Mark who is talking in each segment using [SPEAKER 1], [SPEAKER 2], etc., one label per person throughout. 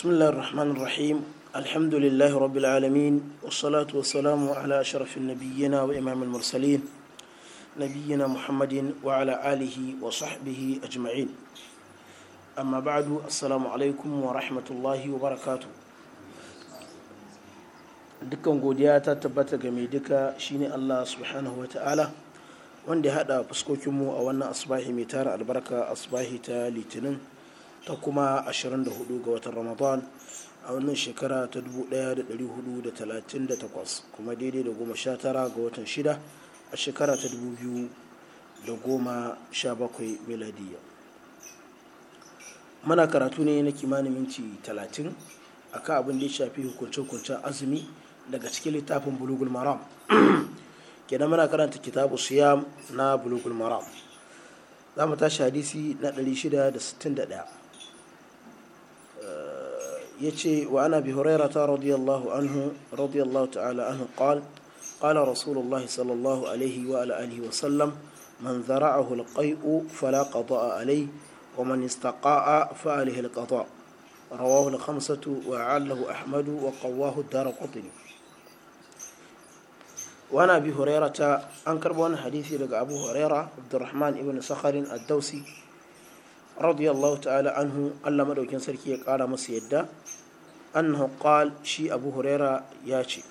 [SPEAKER 1] بسم الله الرحمن الرحيم الحمد لله رب العالمين والصلاة والسلام على أشرف النبيين وإمام المرسلين نبينا محمد وعلى آله وصحبه أجمعين أما بعد السلام عليكم ورحمة الله وبركاته dukkan godiya ta tabbata ga mai duka shine Allah subhanahu wa ta'ala wanda ya haɗa fuskokinmu a wannan asbahi mai tara albarka asbahi ta litinin ta kuma 24 ga watan ramadan a wannan shekara ta 1438 kuma daidai da goma sha tara ga watan shida a shekara ta 2017 miladiya mana karatu ne na kimanin minti 30 akan abin da ya shafi hukunce-hukuncen azumi daga cikin littafin bulugul maram kenan muna karanta kitabu siyam na bulugul maram za mu tashi hadisi na 661 يتي وأنا أبي هريرة رضي الله عنه رضي الله تعالى عنه قال قال رسول الله صلى الله عليه وعلى آله وسلم من ذرعه القيء فلا قضاء عليه ومن استقاء فعليه القضاء رواه الخمسة وعله أحمد وقواه الدار قطني وأنا أبي هريرة أنكر بوان حديثي لك أبو هريرة عبد الرحمن بن صخر الدوسي radiyallahu ta'ala anhu Allah madaukin sarki ya kara masa yadda annahu qal shi abu huraira ya ce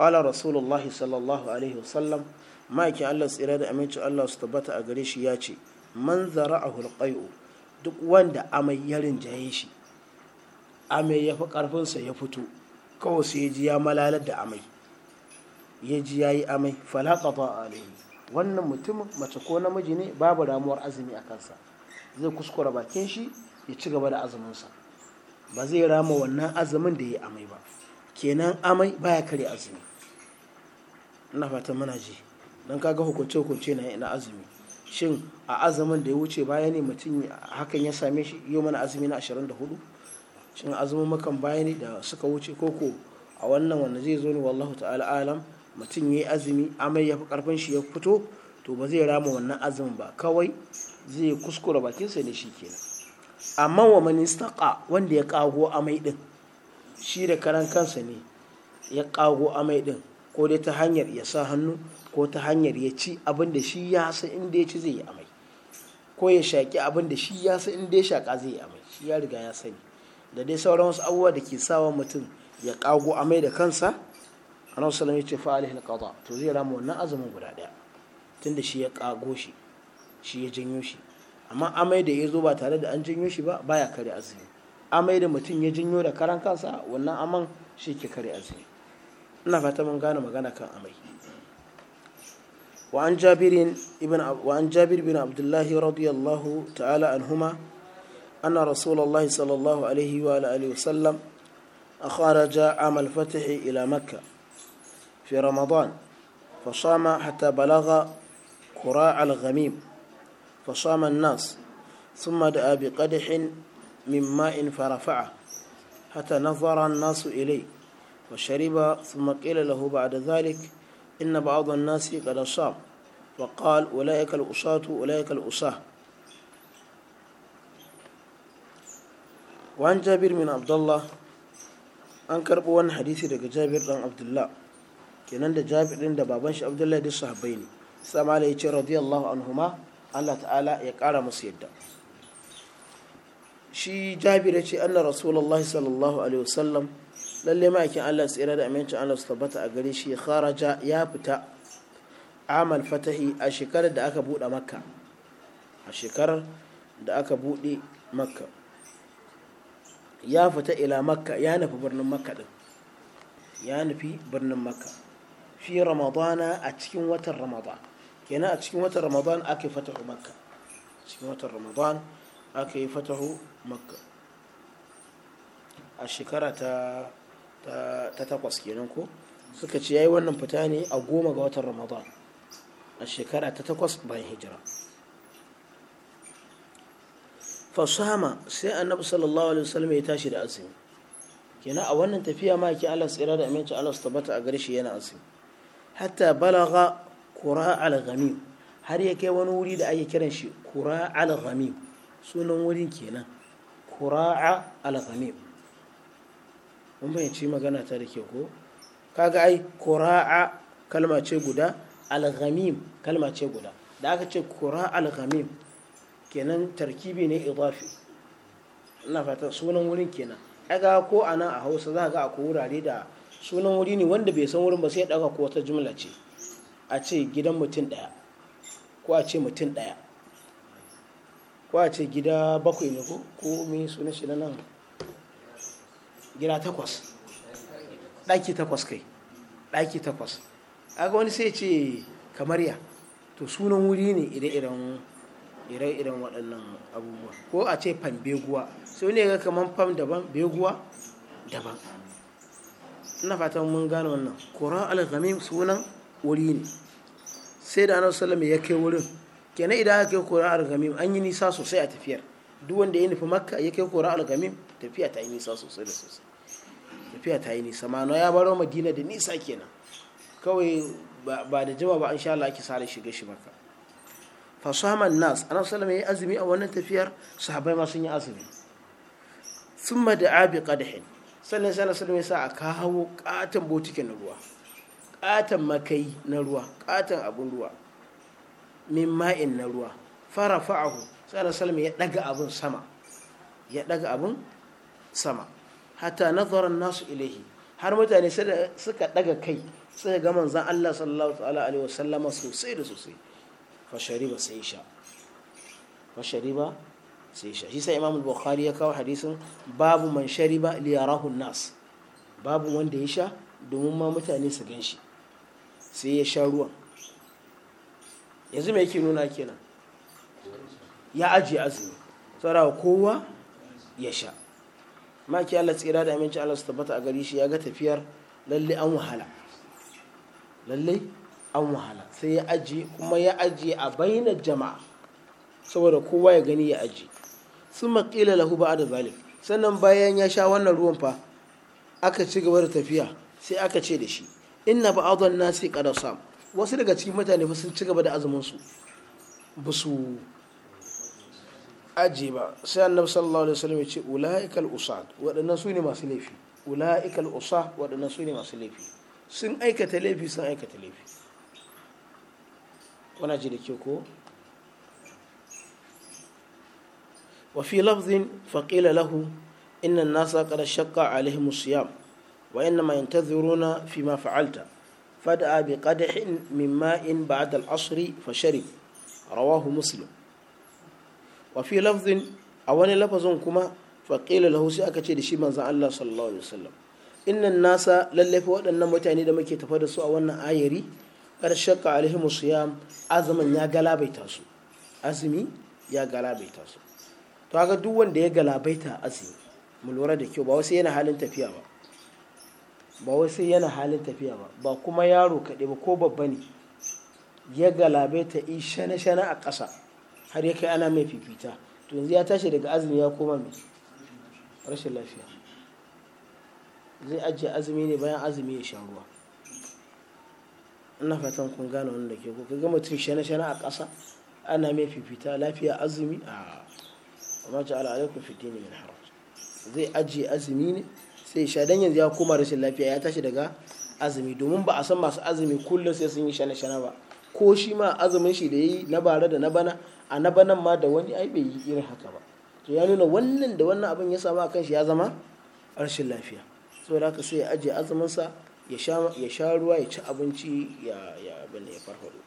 [SPEAKER 1] qala rasulullahi sallallahu alaihi wasallam ma'aikin Allah tsira da aminci Allah su tabbata a gare shi ya ce man zara'ahu alqai'u duk wanda amai ya rinjaye shi amai ya fi karfinsa ya fito kawai sai ji ya malalar da amai ya ji ya yi amai falaka ba alaihi wannan mutum mace ko namiji ne babu ramuwar azumi a kansa zai kuskura bakin shi ya ci gaba da azuminsa ba zai rama wannan azumin da ya amai ba kenan amai baya kare azumi ina fatan muna ji don kaga hukunce hukunce na ina azumi shin a azumin da ya wuce baya ne mutum hakan ya same shi yau mana azumi na 24 shin azumin makan baya ne da suka wuce koko a wannan wanda zai zo ne wallahu ta'ala alam mutum ya yi azumi amai ya fi karfin shi ya fito to ba zai rama wannan azumin ba kawai zai kuskura bakinsa ne shi kenan amma wa man wanda ya kago amai din shi da karan kansa ne ya kago amai din ko dai ta hanyar ya sa hannu ko ta hanyar ya ci abin da shi ya sa inda ya ci zai yi amai ko ya shaƙi abin da shi ya sa inda ya shaƙa zai yi amai shi ya riga ya sani da dai sauran wasu abubuwa da ke sawa mutum ya kago amai da kansa annabi sallallahu alaihi ya ce fa alaihi to zai rama wannan azumin guda daya tunda shi ya kago shi shi ya janyo shi amma amai da ya zo ba tare da an janyo shi ba baya kare azumi amai da mutum ya janyo da karan kansa wannan aman shi ke kare azumi ina fata mun gane magana kan amai وعن جابر ابن وعن جابر بن عبد الله رضي الله تعالى عنهما أن رسول الله صلى الله عليه وآله وسلم أخرج عام الفتح إلى مكة في رمضان فصام حتى بلغ قراع الغميم فصام الناس ثم دعا بقدح من ماء فرفعه حتى نظر الناس إليه وشرب ثم قيل له بعد ذلك إن بعض الناس قد صام وقال أولئك الأصاة أولئك الأصاة وعن جابر من عبد الله an karɓo wani hadisi daga jabir ɗan abdullah kenan da jabir ɗin da baban shi abdullah da sahabbai ne sama da ya ce radiyallahu anhuma Allah ta'ala ya ƙara musu yadda shi jabir ya ce annar rasulullahi sallallahu alaihi wasallam lalle ma'aikin Allah tsira da amincin Allah su tabbata a gare shi kharaja ya fita amal fatahi a shekarar da aka buɗe makka a shekarar da aka bude makka ya fita ila makka ya nufi birnin makka din ya nufi birnin makka fi ramadana a cikin watan ramadana kenan a cikin watan ramadan aka yi fatahu makka cikin watan ramadan aka yi fatahu makka a shekara ta ta takwas kenan ko suka ce ya yi wannan fita ne a goma ga watan ramadan a shekara ta takwas bayan hijira fasama sai annabi sallallahu alaihi wasallam ya tashi da azumi kenan a wannan tafiya ma yake Allah tsira da aminci ala su tabbata a gare shi yana azumi hatta balaga kura al-ghamim har ya kai wani wuri da ake kiran shi kura al-ghamim sunan wurin kenan kura al-ghamim mun ci magana ta da ke ko kaga ai kura kalma ce guda al-ghamim kalma ce guda da aka ce kura al-ghamim kenan tarkibi ne idafi ina fata sunan wurin kenan aga ko anan a Hausa za ga akwai wurare da sunan wuri ne wanda bai san wurin ba sai ya dauka ko wata jumla ce a ce gidan mutum ɗaya ko a ce mutum ɗaya ko a ce gida bakwai ne ko ko su suna shi nan gida takwas ɗaki takwas kai ɗaki takwas aga wani sai ce kamar ya to sunan wuri ne ire-iren ire-iren waɗannan abubuwa ko a ce fan beguwa sai wani ga kamar fam daban beguwa daban ina fatan mun gane wannan ƙoron al sunan wuri ne sai da annabi sallama ya kai wurin kenan idan aka kai kora al an yi nisa sosai a tafiyar duk wanda ya nufi makka ya kai kora al tafiya ta yi nisa sosai da sosai tafiya ta yi nisa ma'ana ya baro madina da nisa kenan kawai ba da jima ba an sha Allah ake sare shiga shi maka fa sahaman nas annabi sallama ya azumi a wannan tafiyar sahabbai ma sun yi azumi thumma da abi qadhin sannan sallallahu alaihi wasallam ya sa a kawo katon botikin ruwa katon makai na ruwa katon abin ruwa min ma'in na ruwa fara fa'ahu tsara salmi ya ɗaga abin sama ya daga abin sama na zoron nasu ilahi har mutane suka ɗaga kai suka ga manzan Allah sallallahu alaihi wasallama sosai da sosai fashari ba sai sha fashari ba sai sha shi sai imam bukhari ya kawo hadisin babu man shariba liyarahu nas babu wanda ya sha domin ma mutane su gan shi sai ya sha ruwan yanzu mai yake nuna kenan ya ajiye azumi wa kowa ya sha maki Allah tsira da aminci Allah su tabbata a gari shi ya ga tafiyar lalle an wahala lalle an wahala sai ya ajiye kuma ya ajiye a bainar jama'a saboda kowa ya gani ya ajiye sun maƙila lahu ba da zalim sannan bayan ya sha wannan ruwan fa aka ci gaba da tafiya sai aka ce da shi inna ba'adun nasi qad wasu daga cikin mutane fa sun ci gaba da azumin su ba su aje ba sai annabi sallallahu alaihi wasallam ya ce ulaikal usad waɗannan su ne masu laifi ulaikal usa waɗannan su ne masu laifi sun aikata laifi sun aikata laifi kuna ji da ke ko wa fi lafzin faqila lahu inna an-nasa qad shaqqa alaihim siyam waɗanda ma in ta durona fi ma faɗata fad a bi ka da xin mu ma in fa sharin rawahu muslim kwa filaf din a wani lafa kuma fa kila lafu sai aka ce da shi man Allah sallallahu alaihi wa sallam in na na sa lallefa waɗannan mutanen da muke tafi da su a wannan ayari kada shan ka alayhumus ya ya galabaita su azumi ya galabaita su to a duk wanda ya galabaita a azumi mu lura da kyau ba wasu yana halin tafiya ba. ba wai sai yana halin tafiya ba ba kuma yaro kaɗai ba ko babba ne ya galabe ta yi shana-shana a ƙasa har ya kai ana mai fifita to yanzu ya tashi daga azumi ya koma mai rashin lafiya zai ajiye azumi ne bayan azumi ya sha ruwa ina fatan kun gane wanda ke ko kaga mutum shana-shana a ƙasa ana mai fifita lafiya azumi a amma ja'ala alaikum fi dini min haraj zai ajiye azumi ne sai shaidan yanzu ya koma rashin lafiya ya tashi daga azumi domin ba a san masu azumi kullum sai sun yi shana shana ba ko shi ma azumin shi da yi na bara da na bana a na banan ma da wani ai bai yi irin haka ba to ya nuna wannan da wannan abin ya samu a kan shi ya zama rashin lafiya saboda haka sai ya ajiye azuminsa ya sha ruwa ya ci abinci ya ya farfado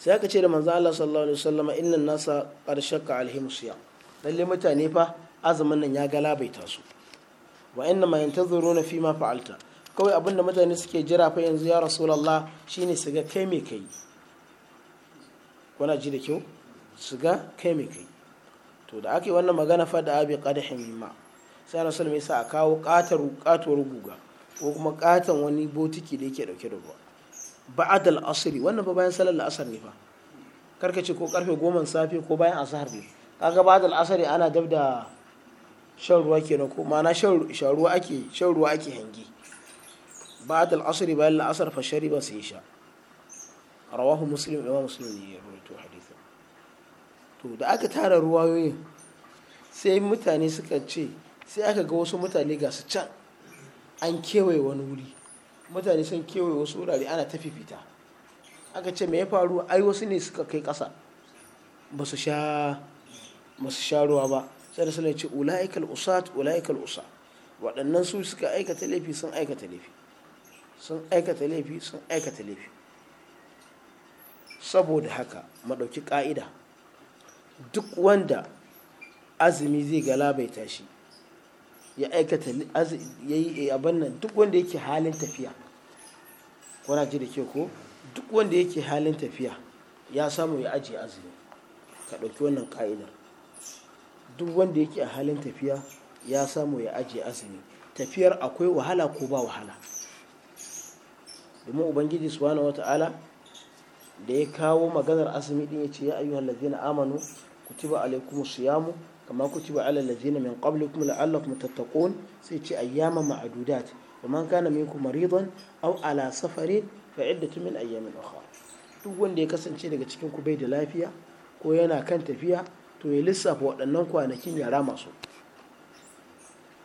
[SPEAKER 1] sai aka ce da manzo Allah sallallahu alaihi wasallam innan nasa qad ka alaihim siyam lalle mutane fa azumin nan ya galabaita su wa inna ma yantazuruna fi ma fa'alta kawai abinda mutane suke jira fa yanzu ya rasulullah shine su ga kai me kai kuna ji da kyau su kai me kai to da ake wannan magana fa da abi qadhi ma. sai rasul mai sa a kawo qatar katuwar guga ko kuma katan wani botiki da yake dauke da ruwa ba'ad al asr wannan ba bayan salar al-asr ne fa karkace ko karfe 10 safe ko bayan asar ne kaga ba'ad al asr ana dabda shan ruwa kenan ko ma'ana shan ruwa ake shan ruwa ake hangi ba al-asr bayan la'asar fashari ba shariba sai sha rawahu muslim imam muslim ne ya rawaito hadithin to da aka tara ruwa yoyin, sai mutane suka ce sai aka ga wasu mutane ga su can an kewaye wani wuri mutane sun kewaye wasu wurare ana ta fifita aka ce mai ya faru ai wasu ne suka kai ƙasa ba su sha ruwa ba sai da ya ce ula'ikal usat ula'ikal usa waɗannan su suka aikata laifi sun aikata laifi sun aikata laifi sun aikata laifi saboda haka maɗauki ƙa'ida duk wanda azumi zai galabaita shi ya aikata ya yi abin nan duk wanda yake halin tafiya kuna ji da ke ko duk wanda yake halin tafiya ya samu ya ajiye azumi ka ɗauki wannan ƙa'idar duk wanda yake a halin tafiya ya samu ya ajiye azumi tafiyar akwai wahala ko ba wahala domin ubangiji subhanahu wata'ala da ya kawo maganar azumi din yace ya ayyuhal ladzina amanu kutiba alaykumus siyamu kama kutiba alal ladzina min qablikum la'allakum tattaqun sai ce ayyama ma'dudat ومن كان منكم مريضا ala على سفر فعدة من ayyamin اخرى duk wanda ya kasance daga cikin ku bai da lafiya ko yana kan tafiya to ya lissafa waɗannan kwanakin yara masu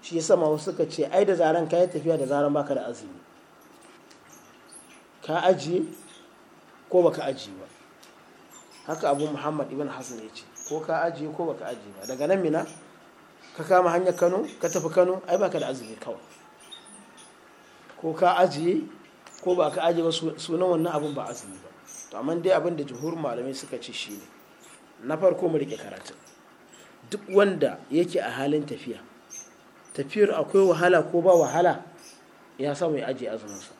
[SPEAKER 1] shi ya sama wasu suka ce ai da zaren ka yi tafiya da zaren baka da azumi ka ajiye ko baka ajiye ba haka abu muhammad ibn hassan ya ce ko ka ajiye ko baka ajiye ba daga nan mina ka kama hanyar kano ka tafi kano ai baka da azumi kawai ko ka ajiye ko baka ajiye ba sunan wannan abin ba azumi ba to amma dai abin da jihur malamai suka ce ne. na farko mu rike karatun duk wanda yake a halin tafiya tafiyar akwai wahala ko ba wahala ya samu ya ajiye azuminsa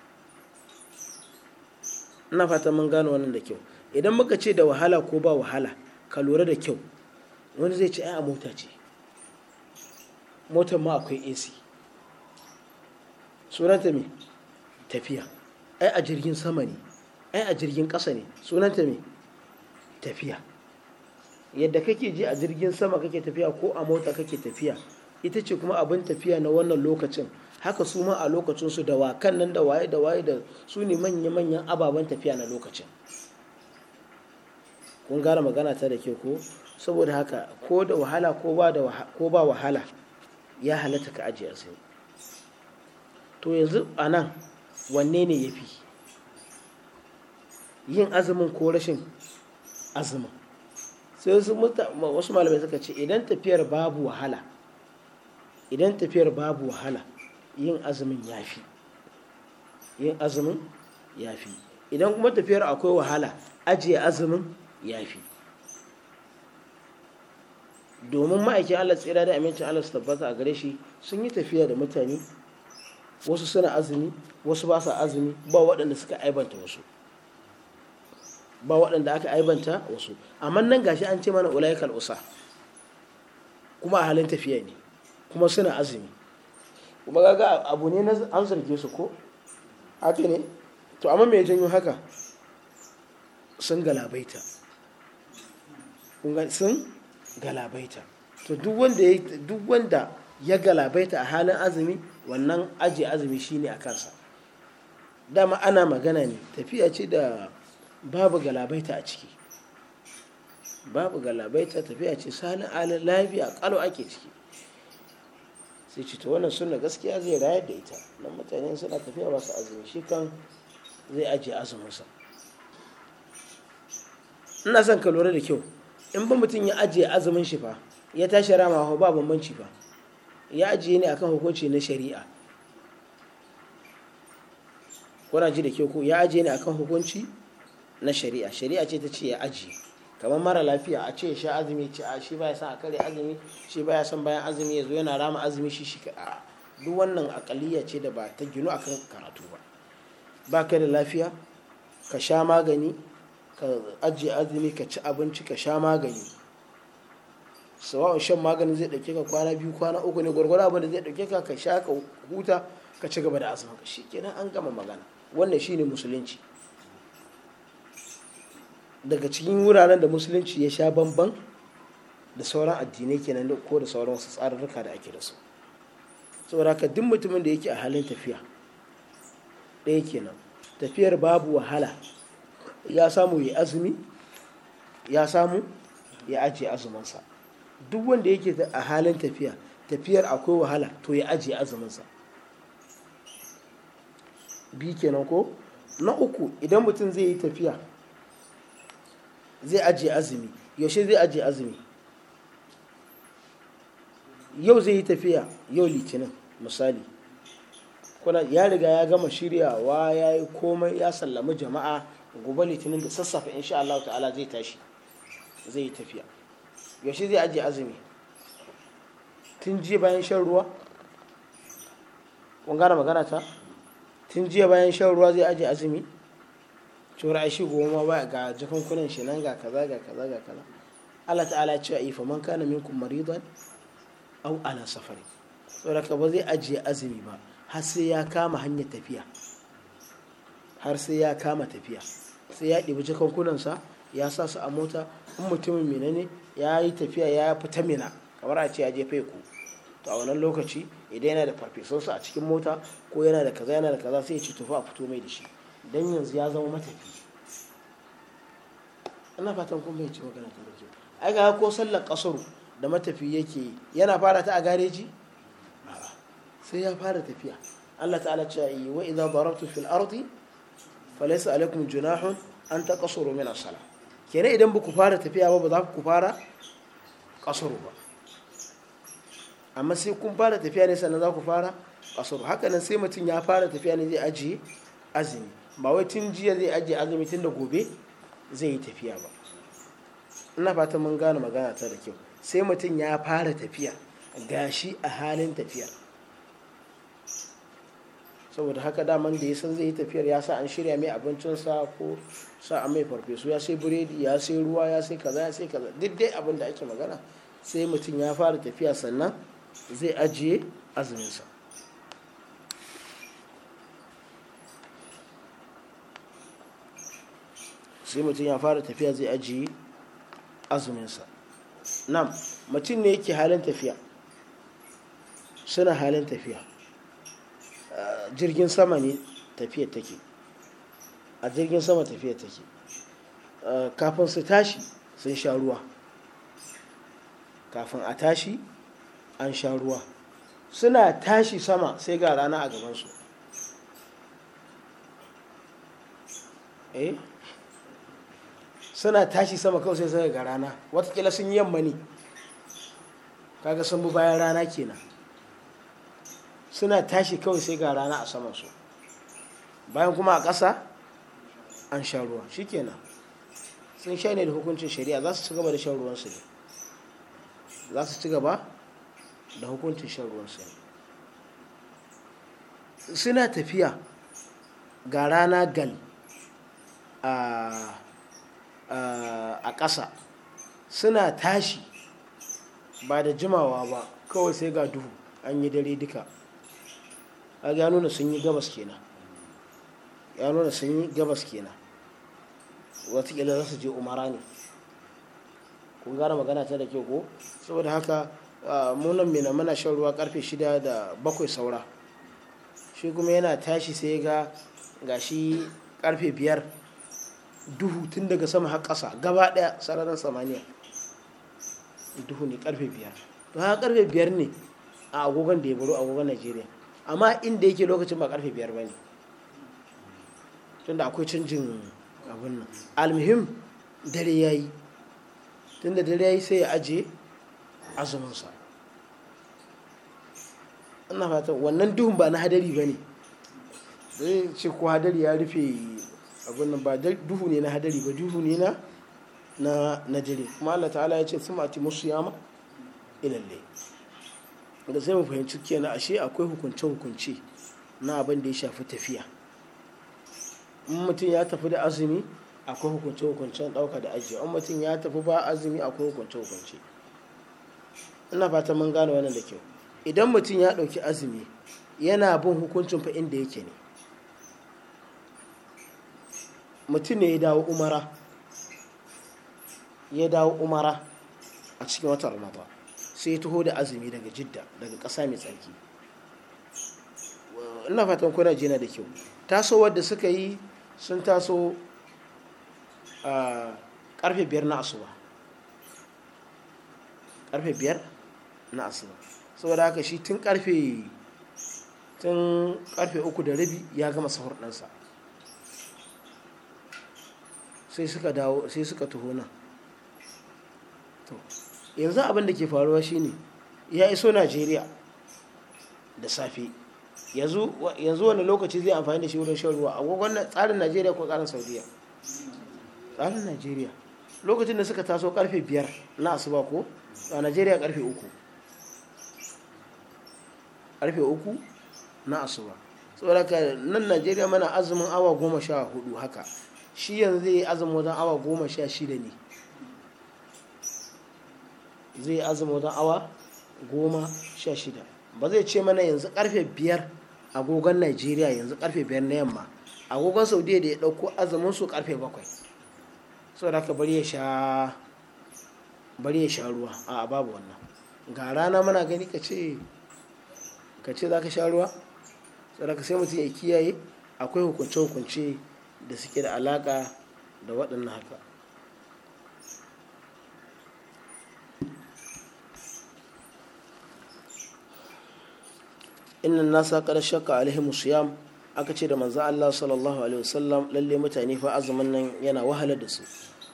[SPEAKER 1] ina fata mun gano wannan da kyau idan muka ce da wahala ko ba wahala ka lura da kyau wani zai ce a mota ce motar ma akwai ac sunanta me tafiya ai a jirgin sama ne ai a jirgin ƙasa ne sunanta me tafiya yadda kake ji a jirgin sama kake tafiya ko a mota kake tafiya ita ce kuma abin tafiya na wannan lokacin haka su ma a lokacinsu su da wakan nan da waye da waye da su ne manya-manyan ababen tafiya na lokacin kun gara magana ta da ke ko saboda haka ko da wahala ko ba wahala ya halatta ka ajiye sai to yanzu a nan wanne ne ya fi yin azumin ko rashin azumin sai wasu malamai suka ce idan tafiyar babu wahala idan tafiyar babu wahala yin azumin fi yin azumin fi idan kuma tafiyar akwai wahala ajiye azumin ya fi domin ma'aikin Allah tsira da amincin Allah su tabbata a gare shi sun yi tafiya da mutane wasu suna azumi wasu ba sa azumi ba waɗanda suka aibanta wasu ba waɗanda aka aibanta wasu amma nan gashi an ce mana ulaikal usa kuma a halin tafiya ne kuma suna azumi kuma gaga abu ne na an zarge su ko haka ne to amma mai janyo haka sun galabaita sun galabaita to duk wanda ya galabaita a halin azumi wannan aji azumi shine a kansa dama ana magana ne tafiya ce da babu galabaita a ciki babu galabaita tafiya ce sani alin lafiya kalo ake ciki sai ce to wannan suna gaskiya zai rayar da ita nan mutane suna tafiya masu azumi shi kan zai ajiye azuminsa ina son ka lura da kyau in ba mutum ya ajiye azumin shi fa ya tashi rama ba bambanci fa ya ajiye ne akan hukunci na shari'a kuna ji da kyau ko ya ajiye ne akan hukunci na shari'a shari'a ce ta ce ya aji kamar mara lafiya a ce sha azumi ce a shi baya son a kare azumi shi baya son bayan azumi ya zo yana rama azumi shi shi kaa duk wannan akaliya ce da ba ta ginu akan karatu ba ba ka da lafiya ka sha magani ka ajiye azumi ka ci abinci ka sha magani sawa'un shan magani zai dauke ka kwana biyu kwana uku ne gwargwado abin da zai ɗauke ka ka sha ka huta ka ci gaba da azumin ka kenan an gama magana wannan ne musulunci daga cikin wuraren da musulunci ya sha bamban da sauran addinai kenan ko da sauran wasu tsarurruka da ake da su saboda haka duk mutumin da yake a halin tafiya ɗaya kenan tafiyar babu wahala ya samu ya azumi ya samu ya ajiye azumansa duk wanda yake a halin tafiya tafiyar akwai wahala to ya ajiye azuminsa bi kenan ko na uku idan mutum zai yi tafiya zai ajiye azumi yaushe zai ajiye azumi yau zai yi tafiya yau litinin misali kuna ya riga ya gama shiryawa ya yi komai ya sallami jama'a gobe litinin da sassafe insha Allah ta'ala zai tashi zai yi tafiya yaushe zai ajiye azumi tun jiya bayan shan ruwa kun gane magana ta tun jiya bayan shan ruwa zai ajiye azumi cewar ai shi goma ba ga kunan shi nan ga kaza ga kaza ga kaza Allah ta'ala ya ce a ifa man kana minkum maridan au ala safari saboda ba zai ajiye azumi ba har sai ya kama hanyar tafiya har sai ya kama tafiya sai ya ɗibi sa ya sa su a mota in mutumin mina ne ya yi tafiya ya fita mina kamar a ce ya je ku to a wannan lokaci idan yana da farfesunsa a cikin mota ko yana da kaza yana da kaza sai ya ci tufa a fito mai da shi don yanzu ya zama matafi ana fatan kuma bai ci magana ta dauke ai ga ko sallar kasar da matafi yake yana fara ta a gareji sai ya fara tafiya Allah ta'ala ce yi wa idza darabtu fil ardi falaysa alaikum junahun an taqasuru min as-salah kenan idan ba ku fara tafiya ba ba za ku fara kasaru ba amma sai kun fara tafiya ne sannan za ku fara kasaru haka nan sai mutum ya fara tafiya ne zai ajiye azumi ba wai tun jiya zai ajiye azumi tun da gobe zai yi tafiya ba ina fata mun gane magana ta da kyau sai mutum ya fara tafiya gashi a halin tafiya saboda haka daman da ya san zai yi tafiyar ya sa an shirya mai abincinsa ko sa a mai farfesu ya sai biredi ya sai ruwa ya sai kaza ya sai kaza duk dai abin da ake magana sai mutum ya fara tafiya sannan zai ajiye azuminsa sai mutum ya fara tafiya zai ajiye azuminsa nan mutum ne yake halin tafiya suna halin tafiya jirgin sama ne tafiya take a jirgin sama tafiya take kafin su tashi sun sha ruwa kafin a tashi an sha ruwa suna tashi sama sai ga rana a gabansu eh suna tashi sama kawai sai suka ga rana watakila sun yi yamma ne kaga sun bi bayan rana kenan suna tashi kawai sai ga rana a saman su bayan kuma a ƙasa an sha ruwa kenan sun sha ne da hukuncin shari'a za su ci gaba da shan ruwansu ne za su ci gaba da hukuncin shan ruwansu ne suna tafiya ga rana gal a a ƙasa suna tashi ba da jimawa ba kawai sai ga duhu an yi dare duka a ya nuna sun yi gabas kenan ya nuna sun yi gabas kenan watakila za su je umara ne kun gara magana ta da ke ko saboda haka munan mina mana shan ruwa karfe shida da bakwai saura shi kuma yana tashi sai ga shi karfe biyar duhu tun daga sama har ƙasa gaba ɗaya sararin samaniya duhu ne karfe biyar to ha karfe biyar ne a agogon da ya baro agogon najeriya amma inda yake lokacin ba karfe biyar ba ne tun da akwai canjin abin nan almuhim dare ya yi tun da dare ya yi sai ya aje azuminsa ina fata wannan duhun ba na hadari ba ne zai ce ko hadari ya rufe abin nan ba duhu ne na hadari ba duhu ne na na najiri kuma Allah ta'ala ya ce sun mati musu yama ilalle da sai mu fahimci kenan ashe akwai hukunce hukunce na abin da ya shafi tafiya in mutum ya tafi da azumi akwai hukunce hukuncen ɗauka da ajiye in mutum ya tafi ba azumi akwai hukunce hukunce ina fata mun gane wannan da kyau idan mutum ya ɗauki azumi yana bin hukuncin fa inda yake ne mutum ne ya dawo umara ya dawo umara a cikin watan ramadan sai ya taho da azumi daga jidda daga ƙasa mai tsarki ina fatan kuna jina da kyau taso wadda suka yi sun taso a karfe biyar na asuba karfe biyar na asuba saboda haka shi tun karfe tun karfe uku da rabi ya gama sahur ɗansa sai suka dawo sai suka taho nan yanzu abin da ke faruwa shine ya iso najeriya da safe yanzu wani lokaci zai amfani da shi wurin shan ruwa agogon tsarin najeriya ko tsarin saudiya tsarin najeriya lokacin da suka taso karfe biyar na asuba ko a najeriya karfe uku karfe uku na asuba saboda nan najeriya mana azumin awa goma sha hudu haka shi yanzu zai yi azumin wajen awa goma sha shida ne zai yi azumi wajen awa goma sha shida ba zai ce mana yanzu karfe biyar agogon nigeria yanzu karfe biyar na yamma agogon saudiya da ya ɗauko azumin su karfe bakwai saboda haka bari ya sha bari ya sha ruwa a babu wannan ga rana mana gani ka ce ka ce za ka sha ruwa saboda haka sai mutum ya kiyaye akwai hukunce-hukunce da suke da alaka da waɗannan haka innan nasa kada shakka alaihimu siyam aka ce da manzo Allah sallallahu alaihi wasallam lalle mutane fa azumin nan yana wahala da su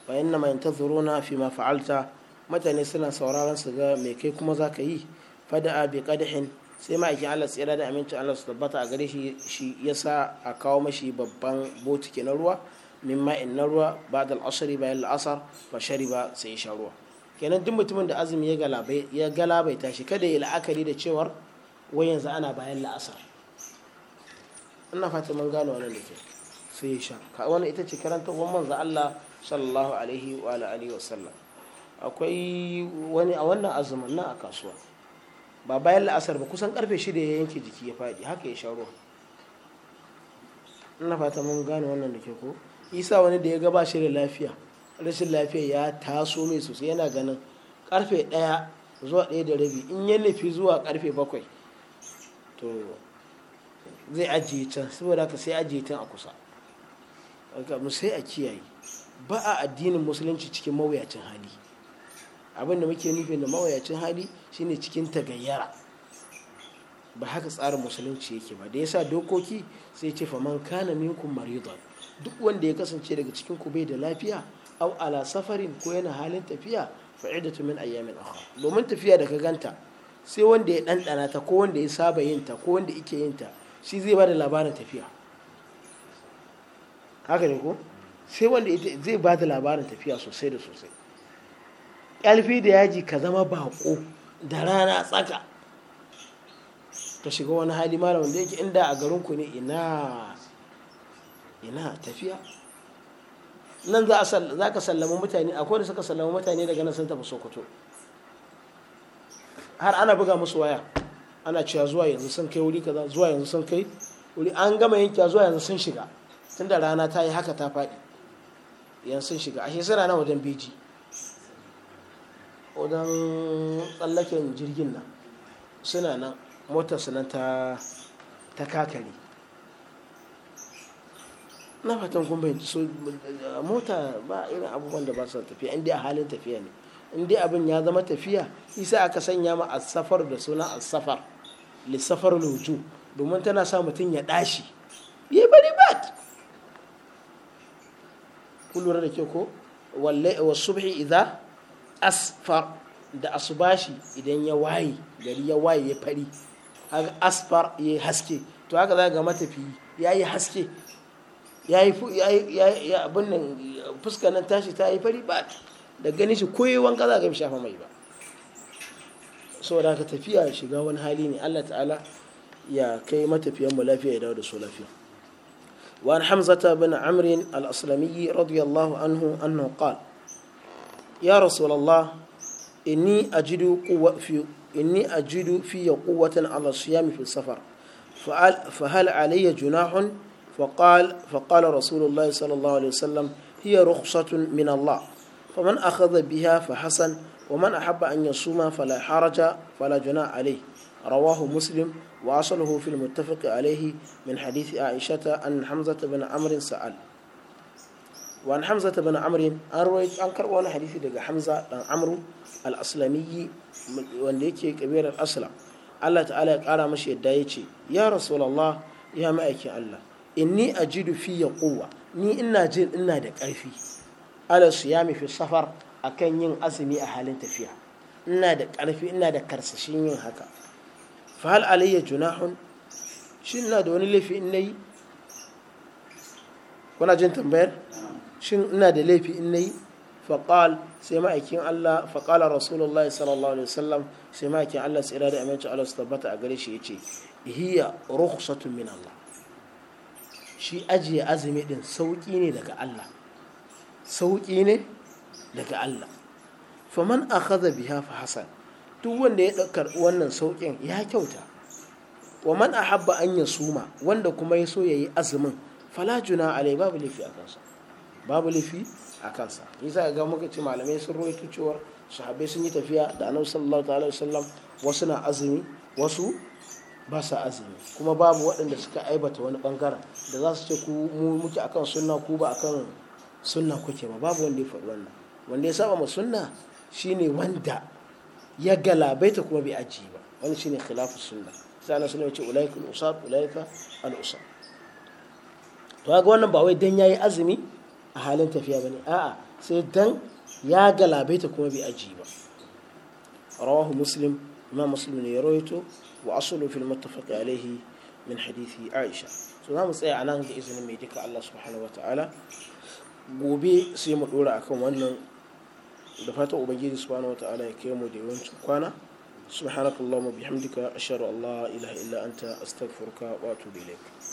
[SPEAKER 1] fa inna ma yantazuruna fi ma fa'alta mutane suna sauraron su ga mai kai kuma zaka yi fada'a bi qadhin sai ma'aikin Allah tsira da amincin Allah su tabbata a gare shi ya sa a kawo mashi babban botiki na ruwa min ma'in na ruwa ba da al'asari bayan la'asar ba shari ba sai ya sha ruwa kenan duk mutumin da azumi ya galabai ya ta shi kada ya yi la'akari da cewar wai yanzu ana bayan la'asar ina fata mun gane wannan ne sai sha ka wannan ita ce karanta wannan manzo Allah sallallahu alaihi wa alihi wa akwai wani a wannan azumin nan a kasuwa ba bayan la'asar ba kusan karfe shida ya yanke jiki ya faɗi haka ya sharo ina fata mun gane wannan da ke ko isa wani da ya gaba shi da lafiya rashin lafiya ya taso mai sosai yana ganin karfe ɗaya zuwa ɗaya da rabi in ya nufi zuwa karfe bakwai to zai ajiye can saboda haka sai ajiye can a kusa sai a kiyaye ba a addinin musulunci cikin mawuyacin hali abin da muke nufi da mawayacin hali shine cikin tagayyara ba haka tsarin musulunci yake ba da yasa dokoki sai ce faman kana minkum maridan duk wanda ya kasance daga cikin ku da lafiya au ala safarin ko yana halin tafiya fa'idatu min ayyamin akhar domin tafiya da ka ganta sai wanda ya dandana ta ko wanda ya saba yin ta ko wanda yake yin ta shi zai ba da labarin tafiya haka ne ko sai wanda zai ba da labarin tafiya sosai da sosai ƙarfi da yaji ka zama baƙo da rana tsaka ka shiga wani hali malam wanda yake inda a garinku ne ina ina tafiya nan za ka sallama mutane akwai da suka sallama mutane daga nan sun tafi sokoto har ana buga musu waya ana cewa zuwa yanzu sun kai wuri kaza zuwa yanzu sun kai wuri an gama yankiya zuwa yanzu sun shiga tunda rana ta yi haka ta faɗi yanzu sun shiga ashe suna na wajen beji wajen tsallaken jirgin nan suna nan motarsu nan ta kakari na fatan kun bayanci so mota ba irin abubuwan da ba su tafiya inda a halin tafiya ne inda abin ya zama tafiya isa aka sanya ma asafar da suna asafar lissafar loju domin tana sa mutum ya ɗashi yi bari bat kun lura da ke ko wasu subhi idza asfar da asubashi idan ya waye gari ya waye ya fari asfar ya haske to haka za ga matafi ya yi haske ya yi abin nan nan tashi ta yi fari ba da ganin shi koyewan kaza ga shafa mai ba so da ka tafiya shiga wani hali ne Allah ta'ala ya kai matafiyan mu lafiya ya dawo da su lafiya وعن حمزة بن عمرو الأسلمي رضي الله عنه أنه قال ya rasulallah inni ajidu kuwa fi inni ajidu fi ala siyam fi safar fa'al fahal alayya junahun faqal faqala rasulullah sallallahu alaihi wasallam hiya rukhsatun min allah faman akhadha biha fa hasan waman ahabba an yasuma fala haraja fala junah alayhi rawahu muslim wa asluhu fil muttafaq alayhi min hadith aishata an hamza ibn amrin sa'al وعن حمزة بن عمرو أن رويت أنكر وأنا حديثي دقى حمزة بن عمرو الأسلمي وانديكي كبير الأسلم الله تعالى قال مشي الدايتي يا رسول الله يا مأيك الله إني أجد في قوة ni ina jin ina da ƙarfi ala siyami fi safar akan yin azumi a halin tafiya ina da ƙarfi ina da karsashin yin haka fa hal alayya junahun shi ina da wani laifi in kuna jin tambayar shin ina da laifi in nayi faqal sai ma'aikin Allah faqala rasulullahi sallallahu alaihi wasallam sai ma'aikin Allah tsira da aminci Allah su tabbata a gare shi yace hiya rukhsatun min Allah shi ajiye azumi din sauƙi ne daga Allah Sauƙi ne daga Allah faman akhadha biha fa hasan duk wanda ya ɗaukar wannan saukin ya kyauta wa man ahabba an yasuma wanda kuma ya so yayi azumin fala juna alai babu lafi a babu laifi a kansa yasa ga muka ce malamai sun rawaito cewar sahabbai sun yi tafiya da annabi sallallahu ta'ala sallam wasu na azumi wasu ba sa azumi kuma babu waɗanda suka aibata wani bangaren da za su ce ku mu muke akan sunna ku ba akan sunna kuke ba babu wanda ya faɗi wannan wanda ya saba ma sunna shine wanda ya galabaita kuma bai ajiye ba wani shine khilafu sunna sai ana sunna ce ulaika al ulaika al-usat to ga wannan ba wai dan yayi azumi a halin tafiya ba ne a'a sai dan ya galabaita kuma bai aji ba rawahu muslim imam muslim ne ya rawaito wa asulu fil muttafaq alaihi min hadithi aisha so za mu tsaya a nan da izinin mai duka Allah subhanahu wataala gobe sai mu dora akan wannan da fatan ubangiji subhanahu wataala ya kai mu da yawancin kwana سبحانك اللهم وبحمدك أشهد أن لا إله إلا أنت أستغفرك وأتوب إليك